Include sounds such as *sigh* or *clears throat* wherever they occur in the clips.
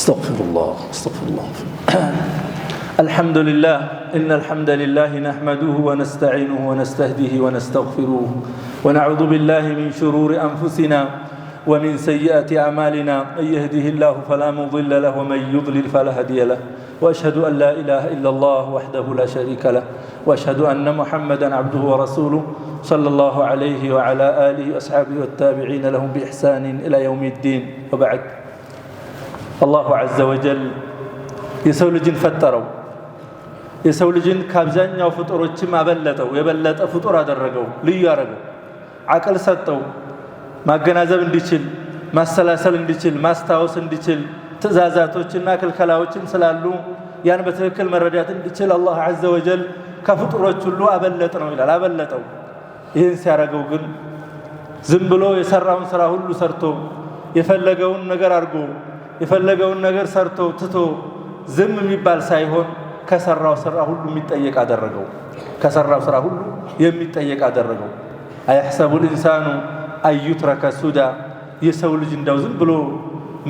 استغفر الله استغفر الله *clears throat* الحمد لله إن الحمد لله نحمده ونستعينه ونستهديه ونستغفره ونعوذ بالله من شرور أنفسنا ومن سيئات أعمالنا من يهده الله فلا مضل له ومن يضلل فلا هادي له وأشهد أن لا إله إلا الله وحده لا شريك له وأشهد أن محمدا عبده ورسوله صلى الله عليه وعلى آله وأصحابه والتابعين لهم بإحسان إلى يوم الدين وبعد አላሁ ዐዘ ወጀል የሰው ልጅን ፈጠረው። የሰው ልጅን ከአብዛኛው ፍጡሮችም አበለጠው፣ የበለጠ ፍጡር አደረገው፣ ልዩ አደረገው፣ አቅል ሰጠው፣ ማገናዘብ እንዲችል፣ ማሰላሰል እንዲችል፣ ማስታወስ እንዲችል ትእዛዛቶችና ክልከላዎችም ስላሉ ያን በትክክል መረዳት እንዲችል አላህ ዐዘ ወጀል ከፍጡሮች ሁሉ አበለጥ ነው ይላል። አበለጠው። ይህን ሲያደርገው ግን ዝም ብሎ የሰራውን ስራ ሁሉ ሰርቶ የፈለገውን ነገር አድርጎ የፈለገውን ነገር ሰርቶ ትቶ ዝም የሚባል ሳይሆን ከሰራው ስራ ሁሉ የሚጠየቅ አደረገው። ከሰራው ስራ ሁሉ የሚጠየቅ አደረገው። አያሕሰቡ ልኢንሳኑ አዩትረከ ሱዳ የሰው ልጅ እንደው ዝም ብሎ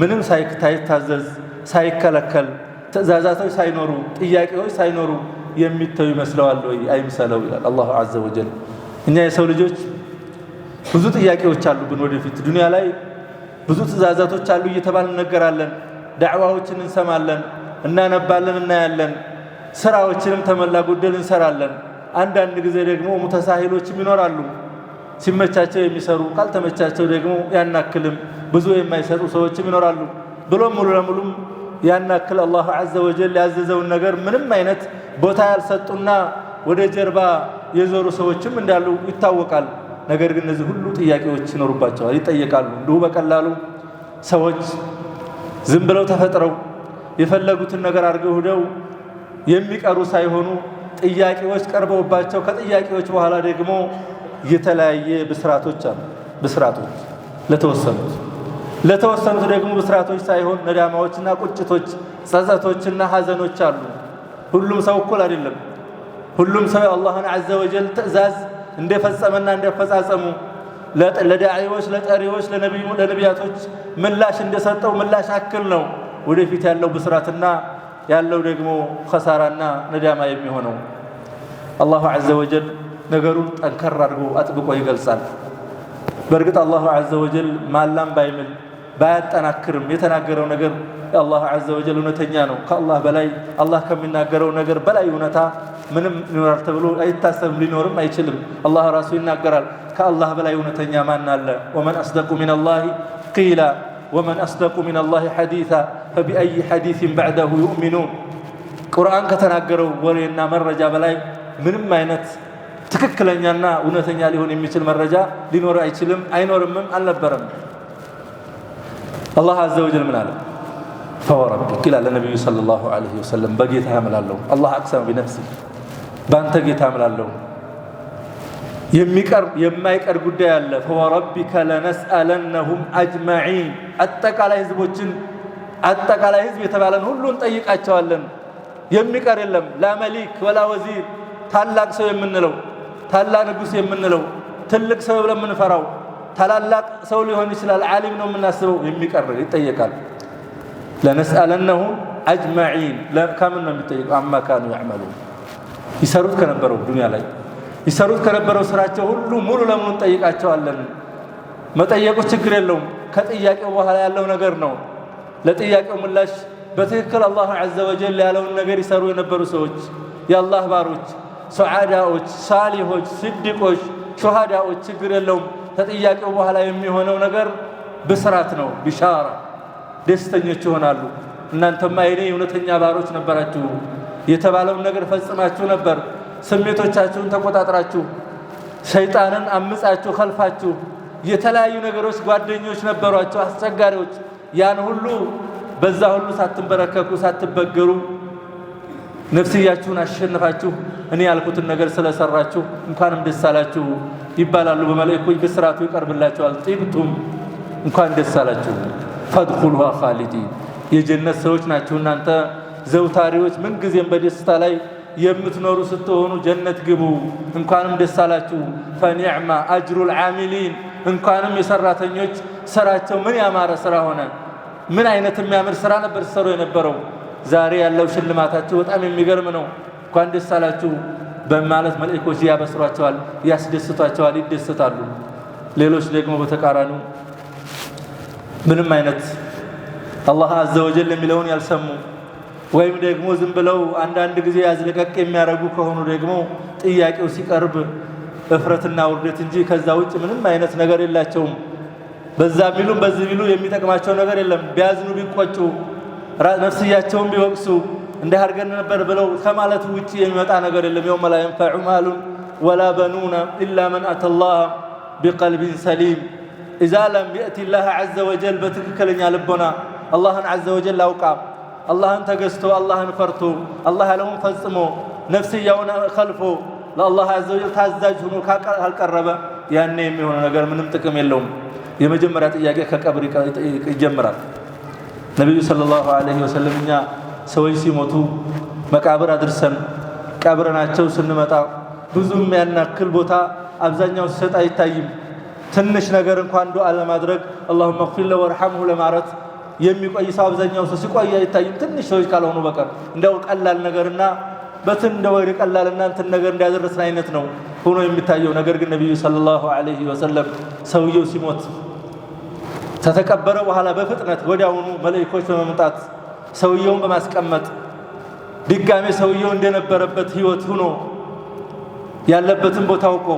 ምንም ሳይታዘዝ ሳይከለከል ትእዛዛቶች ሳይኖሩ ጥያቄዎች ሳይኖሩ የሚተው ይመስለዋል ወይ? አይምሰለው ይላል አላሁ ዐዘ ወጀል። እኛ የሰው ልጆች ብዙ ጥያቄዎች አሉብን ወደፊት ዱንያ ላይ ብዙ ትእዛዛቶች አሉ እየተባል እንነገራለን። ዳዕዋዎችን እንሰማለን፣ እናነባለን፣ እናያለን። ስራዎችንም ተመላ ጎደል እንሰራለን። አንዳንድ ጊዜ ደግሞ ሙተሳሂሎችም ይኖራሉ። ሲመቻቸው የሚሰሩ ካልተመቻቸው ደግሞ ያናክልም ብዙ የማይሰጡ ሰዎችም ይኖራሉ። ብሎም ሙሉ ለሙሉም ያናክል አላሁ ዐዘ ወጀል ያዘዘውን ነገር ምንም አይነት ቦታ ያልሰጡና ወደ ጀርባ የዞሩ ሰዎችም እንዳሉ ይታወቃል። ነገር ግን እነዚህ ሁሉ ጥያቄዎች ይኖሩባቸዋል፣ ይጠየቃሉ። እንዲሁ በቀላሉ ሰዎች ዝም ብለው ተፈጥረው የፈለጉትን ነገር አድርገው ሂደው የሚቀሩ ሳይሆኑ ጥያቄዎች ቀርበውባቸው ከጥያቄዎች በኋላ ደግሞ የተለያየ ብስራቶች አሉ። ብስራቶች ለተወሰኑት ለተወሰኑት ደግሞ ብስራቶች ሳይሆን ነዳማዎችና ቁጭቶች፣ ጸጸቶችና ሀዘኖች አሉ። ሁሉም ሰው እኩል አይደለም። ሁሉም ሰው የአላህን ዐዘ ወጀል ትእዛዝ እንደፈጸመና እንደፈጻጸሙ ለዳዒዎች፣ ለጠሪዎች፣ ለነቢያቶች ምላሽ እንደሰጠው ምላሽ አክል ነው ወደፊት ያለው ብስራትና ያለው ደግሞ ኸሳራና ነዳማ የሚሆነው። አላሁ ዐዘ ወጀል ነገሩን ጠንከር አድርጎ አጥብቆ ይገልጻል። በእርግጥ አላሁ ዐዘ ወጀል ማላም ባይምል ባያጠናክርም የተናገረው ነገር የአላሁ ዐዘ ወጀል እውነተኛ ነው። ከአላህ በላይ አላህ ከሚናገረው ነገር በላይ እውነታ ምንም ይኖራል ተብሎ አይታሰብም፣ ሊኖርም አይችልም። አላህ ራሱ ይናገራል፣ ከአላህ በላይ እውነተኛ ማን አለ? ወመን አስደቁ ሚነላሂ ቂላ ወመን አስደቁ ሚነላሂ ሐዲታ ፈቢአይ ሐዲሲን በዕደሁ ዩእሚኑን። ቁርአን ከተናገረው ወሬና መረጃ በላይ ምንም አይነት ትክክለኛና እውነተኛ ሊሆን የሚችል መረጃ ሊኖር አይችልም፣ አይኖርምም፣ አልነበረም። አላህ አዘ ወጀል ምን አለ? ፈወረቢክ ይላል ነቢዩ ሰለላሁ ዐለይሂ ወሰለም፣ በጌታ አምላለሁ አላህ አቅሰመ ቢነፍሲ ባንተ ጌታ አምላለሁ የሚቀር የማይቀር ጉዳይ አለ። ፈወረቢከ ለነስአለነሁም አጅማዒን አጠቃላይ ህዝቦችን አጠቃላይ ህዝብ የተባለን ሁሉ እንጠይቃቸዋለን። የሚቀር የለም። ላ መሊክ ወላ ወዚር ታላቅ ሰው የምንለው ታላቅ ንጉሥ የምንለው ትልቅ ሰው ብለን የምንፈራው ታላላቅ ሰው ሊሆን ይችላል። ዓሊም ነው የምናስበው። የሚቀር ይጠየቃል። ለነስአለነሁም አጅማዒን ከምን ነው የሚጠይቀው? አማካኑ ያዕመሉን ይሰሩት ከነበረው ዱንያ ላይ ይሰሩት ከነበረው ስራቸው ሁሉ ሙሉ ለሙሉ እንጠይቃቸዋለን። መጠየቁ ችግር የለውም። ከጥያቄው በኋላ ያለው ነገር ነው። ለጥያቄው ምላሽ በትክክል አላህ ዐዘ ወጀል ያለውን ነገር ይሰሩ የነበሩ ሰዎች የአላህ ባሮች፣ ሰዓዳዎች፣ ሳሊሆች፣ ስዲቆች፣ ሹሃዳዎች ችግር የለውም። ከጥያቄው በኋላ የሚሆነው ነገር ብስራት ነው፣ ቢሻራ ደስተኞች ይሆናሉ። እናንተማ የኔ እውነተኛ ባሮች ነበራችሁ የተባለውን ነገር ፈጽማችሁ ነበር። ስሜቶቻችሁን ተቆጣጥራችሁ፣ ሰይጣንን አምጻችሁ፣ ከልፋችሁ የተለያዩ ነገሮች ጓደኞች ነበሯቸው፣ አስቸጋሪዎች። ያን ሁሉ በዛ ሁሉ ሳትንበረከኩ ሳትበገሩ ነፍስያችሁን አሸንፋችሁ እኔ ያልኩትን ነገር ስለሰራችሁ እንኳንም ደስ አላችሁ ይባላሉ። በመላእክቶች ብስራቱ ይቀርብላችኋል። ጢብቱም እንኳን ደስ አላችሁ ፈድኹሉሃ ኻሊዲን የጀነት ሰዎች ናችሁ እናንተ ዘውታሪዎች ምንጊዜም በደስታ ላይ የምትኖሩ ስትሆኑ ጀነት ግቡ። እንኳንም ደስ አላችሁ። ፈኒዕማ አጅሩል ዓሚሊን እንኳንም የሰራተኞች ስራቸው ምን ያማረ ስራ ሆነ። ምን አይነት የሚያምር ስራ ነበር ሲሰሩ የነበረው። ዛሬ ያለው ሽልማታቸው በጣም የሚገርም ነው። እንኳን ደስ አላችሁ በማለት መልእኮች ያበስሯቸዋል፣ ያስደስቷቸዋል፣ ይደሰታሉ። ሌሎች ደግሞ በተቃራኑ ምንም አይነት አላህ አዘወጀል የሚለውን ያልሰሙ ወይም ደግሞ ዝም ብለው አንዳንድ ጊዜ ያዝለቀቅ የሚያደርጉ ከሆኑ ደግሞ ጥያቄው ሲቀርብ እፍረትና ውርደት እንጂ ከዛ ውጭ ምንም አይነት ነገር የላቸውም። በዛ ቢሉ በዚህ ቢሉ የሚጠቅማቸው ነገር የለም። ቢያዝኑ፣ ቢቆጩ፣ ነፍስያቸውን ቢወቅሱ እንዲህ አድርገን ነበር ብለው ከማለት ውጭ የሚመጣ ነገር የለም። የውመ ላ የንፈዑ ማሉን ወላ በኑና ኢላ መን አተ ላህ ቢቀልቢን ሰሊም ኢዛ ለም የእቲ ላህ ዐዘ ወጀል በትክክለኛ ልቦና አላህን ዐዘ ወጀል አውቃ አላህን ተገዝቶ አላህን ፈርቶ አላህ ያለውን ፈጽሞ ነፍስያውን ከልፎ ለአላህ አዘወጀል ታዛዥ ሆኖ ካልቀረበ ያኔ የሚሆነ ነገር ምንም ጥቅም የለውም። የመጀመሪያ ጥያቄ ከቀብር ይጀምራል። ነቢዩ ሰለላሁ ዐለይሂ ወሰለም እኛ ሰዎች ሲሞቱ መቃብር አድርሰን ቀብረናቸው ስንመጣ ብዙም ያናክል ቦታ አብዛኛው ሲሰጥ አይታይም። ትንሽ ነገር እንኳን ዱዓ ለማድረግ አላሁመ ግፊር ለሁ ለማረት የሚቆይ ሰው አብዛኛው ሰው ሲቆይ አይታይም። ትንሽ ሰዎች ካልሆኑ በቀር እንደው ቀላል ነገርና በትን እንደ ወሬ ቀላልና እንትን ነገር እንዳያደረስን አይነት ነው ሆኖ የሚታየው። ነገር ግን ነቢዩ ሰለላሁ ዐለይሂ ወሰለም ሰውየው ሲሞት ከተቀበረ በኋላ በፍጥነት ወዲያውኑ መለኢኮች በመምጣት ሰውየውን በማስቀመጥ ድጋሜ ሰውየው እንደነበረበት ህይወት ሆኖ ያለበትን ቦታ አውቆ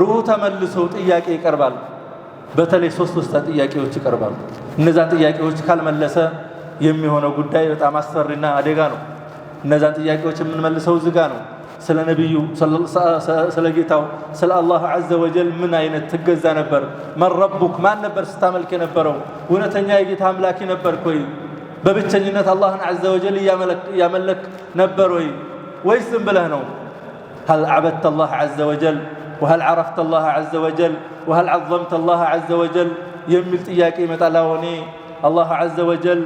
ሩሁ ተመልሶ ጥያቄ ይቀርባል። በተለይ ሶስት ወስታ ጥያቄዎች ይቀርባሉ። እነዛን ጥያቄዎች ካልመለሰ የሚሆነው ጉዳይ በጣም አስፈሪና አደጋ ነው። እነዛን ጥያቄዎች የምንመልሰው ዝጋ ነው። ስለ ነቢዩ፣ ስለ ጌታው፣ ስለ አላህ ዐዘ ወጀል ምን አይነት ትገዛ ነበር? መን ረቡክ፣ ማን ነበር ስታመልክ የነበረው? እውነተኛ የጌታ አምላኪ ነበር ኮይ? በብቸኝነት አላህን ዐዘ ወጀል እያመለክ ነበር ወይ? ወይስ ዝም ብለህ ነው? ሀል ዐበድተ አላህ ዐዘ ወጀል ወሀል ዐረፍተ አላህ ዐዘ ወጀል ወሀል ዐዘምተ አላህ ዐዘ ወጀል የሚል ጥያቄ ይመጣል። እኔ አላህ አዘ ወጀል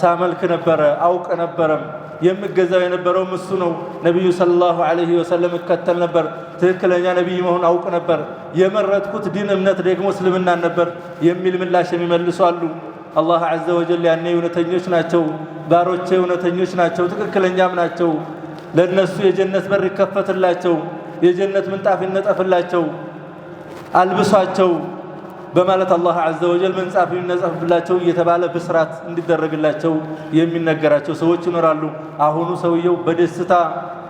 ሳመልክ ነበረ አውቅ ነበረም የምገዛው የነበረው እሱ ነው። ነቢዩ ሰለላሁ ዐለይሂ ወሰለም እከተል ነበር። ትክክለኛ ነቢይ መሆን አውቅ ነበር። የመረጥኩት ዲን እምነት ደግሞ እስልምናን ነበር የሚል ምላሽ የሚመልሱ አሉ። አላህ ዐዘ ወጀል ያኔ እውነተኞች ናቸው፣ ባሮቼ እውነተኞች ናቸው፣ ትክክለኛም ናቸው። ለእነሱ የጀነት በር ይከፈትላቸው፣ የጀነት ምንጣፍ ይነጠፍላቸው፣ አልብሷቸው በማለት አላህ አዘ ወጀል መንጻፍ የሚነጻፍላቸው እየተባለ ብስራት እንዲደረግላቸው የሚነገራቸው ሰዎች ይኖራሉ። አሁኑ ሰውየው በደስታ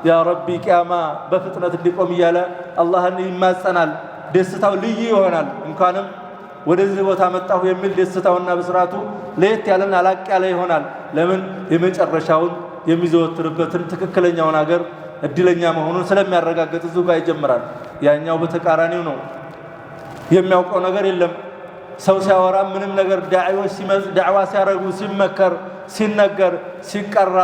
ያ ረቢ ቅያማ በፍጥነት እንዲቆም እያለ አላህን ይማጸናል። ደስታው ልዩ ይሆናል። እንኳንም ወደዚህ ቦታ መጣሁ የሚል ደስታውና ብስራቱ ለየት ያለና አላቅ ያለ ይሆናል። ለምን የመጨረሻውን የሚዘወትርበትን ትክክለኛውን አገር እድለኛ መሆኑን ስለሚያረጋግጥ እዚሁ ጋር ይጀምራል። ያኛው በተቃራኒው ነው። የሚያውቀው ነገር የለም። ሰው ሲያወራ ምንም ነገር ዳዕዎች ዳዕዋ ሲያደርጉ ሲመከር፣ ሲነገር፣ ሲቀራ፣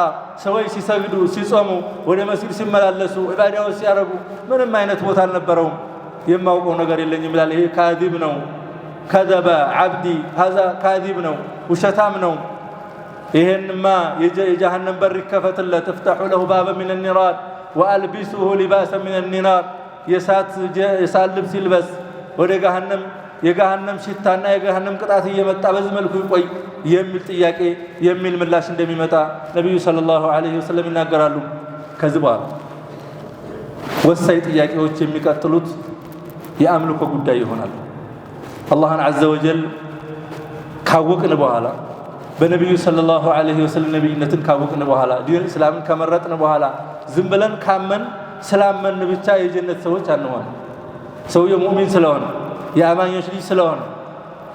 ሰዎች ሲሰግዱ፣ ሲጾሙ፣ ወደ መስጊድ ሲመላለሱ፣ ዒባዳዎች ሲያደርጉ ምንም አይነት ቦታ አልነበረውም። የማውቀው ነገር የለኝም ይላል። ይሄ ካዚብ ነው። ከዘበ ዓብዲ ሀዛ ካዚብ ነው፣ ውሸታም ነው። ይሄንማ የጀሃነም በር ይከፈትለት። እፍተሑ ለሁ ባበ ሚን ኒራር ወአልቢሱሁ ሊባሰ ሚን ኒናር የሳት ልብስ ይልበስ ወደ ገሃነም የገሃነም ሽታና የገሃነም ቅጣት እየመጣ በዚህ መልኩ ይቆይ የሚል ጥያቄ የሚል ምላሽ እንደሚመጣ ነቢዩ ሰለላሁ ዐለይሂ ወሰለም ይናገራሉ። ከዚህ በኋላ ወሳኝ ጥያቄዎች የሚቀጥሉት የአምልኮ ጉዳይ ይሆናል። አላህን ዐዘ ወጀል ካወቅን በኋላ በነቢዩ ሰለላሁ ዐለይሂ ወሰለም ነቢይነትን ካወቅን በኋላ ዲን እስላምን ከመረጥን በኋላ ዝም ብለን ካመን ስላመን ብቻ የጀነት ሰዎች አንሆን። ሰውየው ሙእሚን ስለሆነ የአማኞች ልጅ ስለሆነ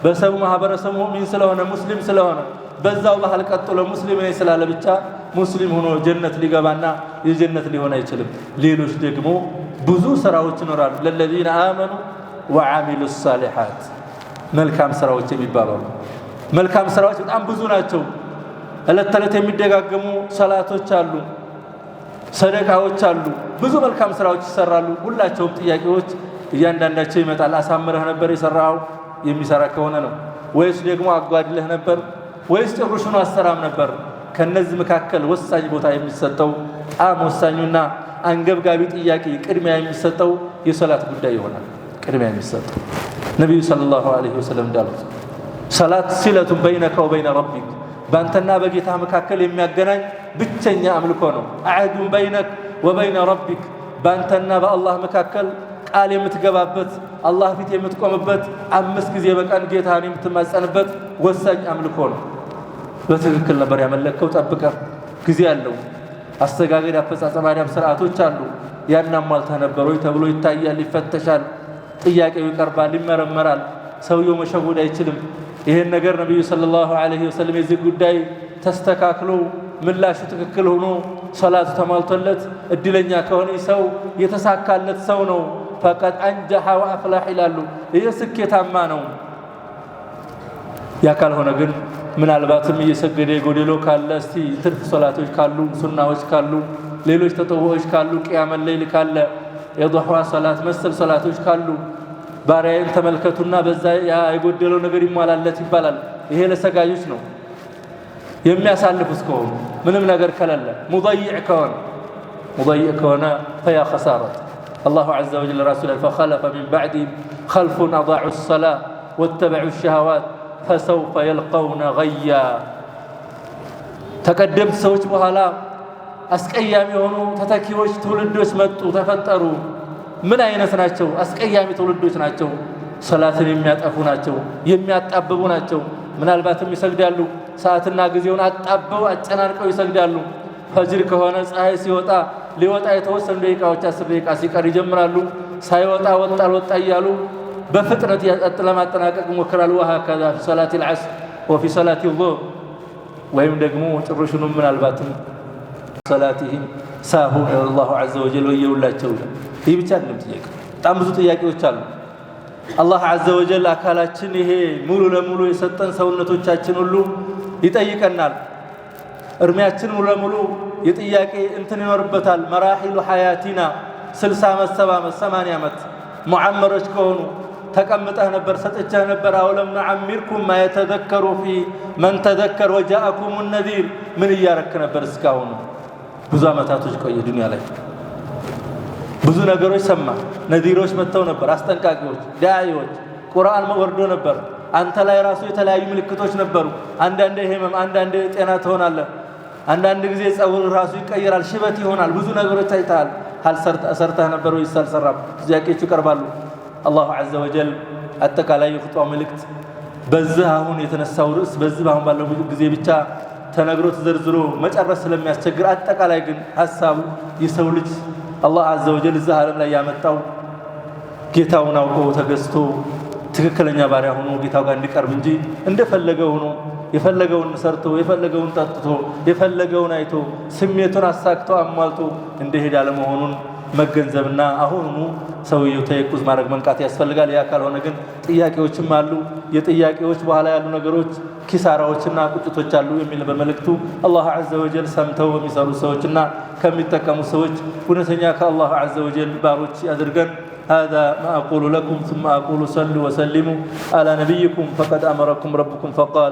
በሰቡ ማህበረሰቡ ሙእሚን ስለሆነ ሙስሊም ስለሆነ በዛው ባህል ቀጥሎ ሙስሊም ነኝ ስላለ ብቻ ሙስሊም ሆኖ ጀነት ሊገባና የጀነት ሊሆን አይችልም። ሌሎች ደግሞ ብዙ ስራዎች ይኖራሉ። ለለዚነ አመኑ ወዓሚሉ ሳሊሓት መልካም ስራዎች የሚባባሉ መልካም ስራዎች በጣም ብዙ ናቸው። እለት ተዕለት የሚደጋገሙ ሰላቶች አሉ፣ ሰደቃዎች አሉ፣ ብዙ መልካም ስራዎች ይሰራሉ። ሁላቸውም ጥያቄዎች እያንዳንዳቸው ይመጣል። አሳምረህ ነበር የሰራው የሚሰራ ከሆነ ነው ወይስ ደግሞ አጓድለህ ነበር ወይስ ጭሩሽኑ አሰራም ነበር? ከነዚህ መካከል ወሳኝ ቦታ የሚሰጠው ጣም ወሳኙና አንገብጋቢ ጥያቄ ቅድሚያ የሚሰጠው የሰላት ጉዳይ ይሆናል። ቅድሚያ የሚሰጠው ነቢዩ ሰለላሁ ዐለይሂ ወሰለም እንዳሉት ሰላት ሲለቱን በይነከ ወበይነ ረቢክ በአንተና በጌታ መካከል የሚያገናኝ ብቸኛ አምልኮ ነው። አህዱን በይነክ ወበይነ ረቢክ በአንተና በአላህ መካከል ቃል የምትገባበት አላህ ፊት የምትቆምበት አምስት ጊዜ በቀን ጌታን የምትማጸንበት ወሳኝ አምልኮ ነው። በትክክል ነበር ያመለከው ጠብቀ ጊዜ አለው። አስተጋገድ፣ አፈጻጸም አዳም ስርዓቶች አሉ። ያን አሟልተህ ነበር ወይ ተብሎ ይታያል፣ ይፈተሻል፣ ጥያቄው ይቀርባል፣ ይመረመራል። ሰውየው መሸጎድ አይችልም። ይህን ነገር ነቢዩ ሰለላሁ ዐለይሂ ወሰለም የዚህ ጉዳይ ተስተካክሎ ምላሹ ትክክል ሆኖ ሰላቱ ተሟልቶለት እድለኛ ከሆነ ሰው የተሳካለት ሰው ነው። ፈቀድ አንጀሐ ወአፍላሕ ይላሉ። ይህ ስኬታማ ነው። ያ ካልሆነ ግን ምናልባትም እየሰገደ የጎደሎ ካለ እስቲ ትርፍ ሶላቶች ካሉ፣ ሱናዎች ካሉ፣ ሌሎች ተጠውዖች ካሉ፣ ቅያመ ሌይል ካለ፣ የዱሓ ሶላት መሰል ሶላቶች ካሉ ባሪያዬን ተመልከቱና በዛ የጎደለው ነገር ይሟላለት ይባላል። ይሄ ለሰጋጆች ነው። የሚያሳልፉት ከሆኑ ምንም ነገር ከሌለ ሙضይዕ ከሆነ ሙضይዕ ከሆነ ፈያ ኸሳረት الله عز وجل رسوله فخلف من بعدهم خلف أضاعوا الصلاة واتبعوا الشهوات فسوف يلقون غيا تقدم سوج بحالا أسك أيامي هنو تتاكي وش تولدوش متو تفتروا من أين سناتشو أسك أيامي تولدوش ناتشو صلاة يميات أفوناتشو يميات أببوناتشو من ألباتهم يسجدالو ساعة الناقزيون أتأبو أتنارك ويسجدالو ፈጅር ከሆነ ፀሐይ ሲወጣ ሊወጣ የተወሰኑ ደቂቃዎች አስር ደቂቃ ሲቀር ይጀምራሉ። ሳይወጣ ወጣ አልወጣ እያሉ በፍጥነት ለማጠናቀቅ ይሞክራሉ። ወሀከዛ ፊ ሰላት ልዓስር ወፊ ሰላት ዙር ወይም ደግሞ ጭሩሽኑ ምናልባትም ሰላትህም ሳሁን አላሁ ዐዘ ወጀል ወየውላቸው። ይህ ብቻ አይደለም ጥያቄ፣ በጣም ብዙ ጥያቄዎች አሉ። አላህ ዐዘ ወጀል አካላችን ይሄ ሙሉ ለሙሉ የሰጠን ሰውነቶቻችን ሁሉ ይጠይቀናል። እድሜያችን ሙሉ ለሙሉ የጥያቄ እንትን ይኖርበታል። መራሒሉ ሐያቲና 60 ዓመት፣ 70 ዓመት፣ 80 ዓመት ሙዓመሮች ከሆኑ ተቀምጠህ ነበር ሰጥቼህ ነበር። አውለም ኑዓሚርኩም ማ ፊ መን ተዘከር ወጃአኩም ነዚር ምን እያረክ ነበር? እስካሁኑ ብዙ ዓመታቶች ቆየ ዱንያ ላይ ብዙ ነገሮች ሰማ። ነዚሮች መጥተው ነበር፣ አስጠንቃቂዎች፣ ዳዒዎች። ቁርአን ወርዶ ነበር። አንተ ላይ ራሱ የተለያዩ ምልክቶች ነበሩ። አንዳንዴ ህመም፣ አንዳንዴ ጤና ትሆናለህ አንዳንድ ጊዜ ጸጉር ራሱ ይቀየራል፣ ሽበት ይሆናል። ብዙ ነገሮች አይተሃል። ሰርተህ ነበር ወይስ አልሰራም? ጥያቄዎቹ ይቀርባሉ። አላሁ ዐዘ ወጀል አጠቃላይ የኹጥባ መልእክት በዚህ አሁን የተነሳው ርዕስ በዚህ በአሁን ባለው ጊዜ ብቻ ተነግሮ ተዘርዝሮ መጨረስ ስለሚያስቸግር አጠቃላይ ግን ሀሳቡ የሰው ልጅ አላህ ዐዘ ወጀል እዚህ ዓለም ላይ ያመጣው ጌታውን አውቆ ተገዝቶ ትክክለኛ ባሪያ ሆኖ ጌታው ጋር እንዲቀርብ እንጂ እንደፈለገ ሆኖ የፈለገውን ሰርቶ የፈለገውን ጠጥቶ የፈለገውን አይቶ ስሜቱን አሳክቶ አሟልቶ እንደሄድ አለመሆኑን መገንዘብና አሁኑኑ ሰውየው ተየቁዝ ማድረግ መንቃት ያስፈልጋል። ያ ካልሆነ ግን ጥያቄዎችም አሉ። የጥያቄዎች በኋላ ያሉ ነገሮች ኪሳራዎችና ቁጭቶች አሉ የሚል በመልእክቱ አላህ ዐዘ ወጀል ሰምተው በሚሰሩ ሰዎችና ከሚጠቀሙ ሰዎች እውነተኛ ከአላህ ዐዘ ወጀል ባሮች አድርገን هذا ما أقول لكم ثم أقول صلوا وسلموا على نبيكم فقد أمركم ربكم فقال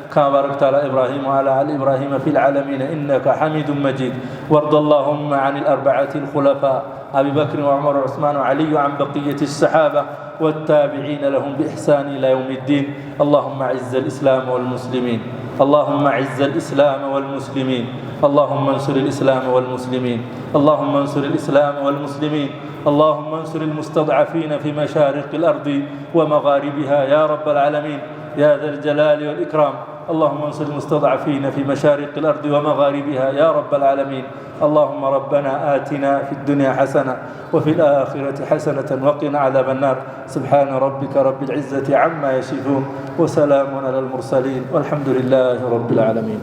كما باركت على إبراهيم وعلى آل إبراهيم في العالمين إنك حميد مجيد وارض اللهم عن الأربعة الخلفاء أبي بكر وعمر وعثمان وعلي وعن بقية الصحابة والتابعين لهم بإحسان إلى يوم الدين اللهم عز الإسلام والمسلمين اللهم عز الإسلام والمسلمين اللهم انصر الإسلام والمسلمين اللهم انصر الإسلام والمسلمين اللهم انصر المستضعفين في مشارق الأرض ومغاربها يا رب العالمين يا ذا الجلال والإكرام اللهم انصر المستضعفين في مشارق الأرض ومغاربها يا رب العالمين اللهم ربنا آتنا في الدنيا حسنة وفي الآخرة حسنة وقنا عذاب النار سبحان ربك رب العزة عما يصفون وسلام على المرسلين والحمد لله رب العالمين